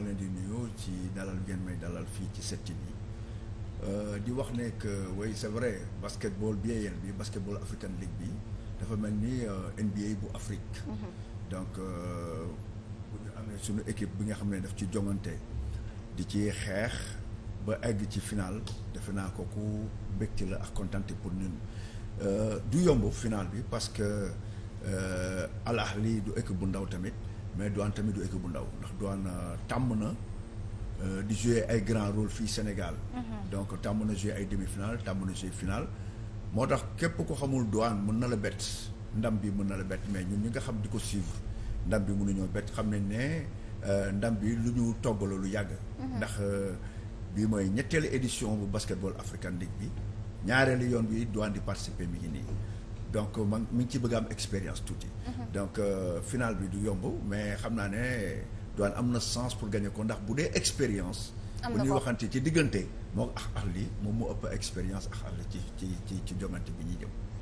ngi leen di nuyu ci dalal ngeen may dalal fii ci 7TV bi euh, di wax ne que oui c'est vrai basketball BAL bi basketball African League bi dafa mel ni euh, NBA bu Afrique. Mm-hmm. donc euh, bu ñu amee sunu équipe bi nga xam ne daf ci jongante di ci xeex ba egg ci final defe naa kooku mbégte la ak kontaan pour ñun du yomb final bi parce Euh, Al Ahly du ekk bu ndaw tamit mais Douane tamit du équipe bu ndaw ndax Douane euh, tàmm na euh, di jouer ay grand rôle fii Sénégal. Mhm. donc tàmm na jouer ay demi-finale tàmm na jouer finale moo tax képp ko xamul Douane mën na la bett ndam bi mën na la bett mais ñun ñi nga xam di ko suivre ndam bi mënuñoo bett xam nañ ne ndam bi lu ñu togg lu yàgg. Mhm. ndax bii mooy ñetteelu édition bu basketball African League bi ñaareelu yoon bi Douane di participer mi ngi nii. donc euh, man mi ngi ci bëgg am expérience tuuti. Mhm. donc euh, final bi du yomb mais xam naa ne Douane am na sens pour gagner ko ndax bu dee expérience. bu ñuy waxante ci diggante moo ak ak lii moom moo ëpp expérience ak ak ci ci ci ci jongante bi ñuy jëm.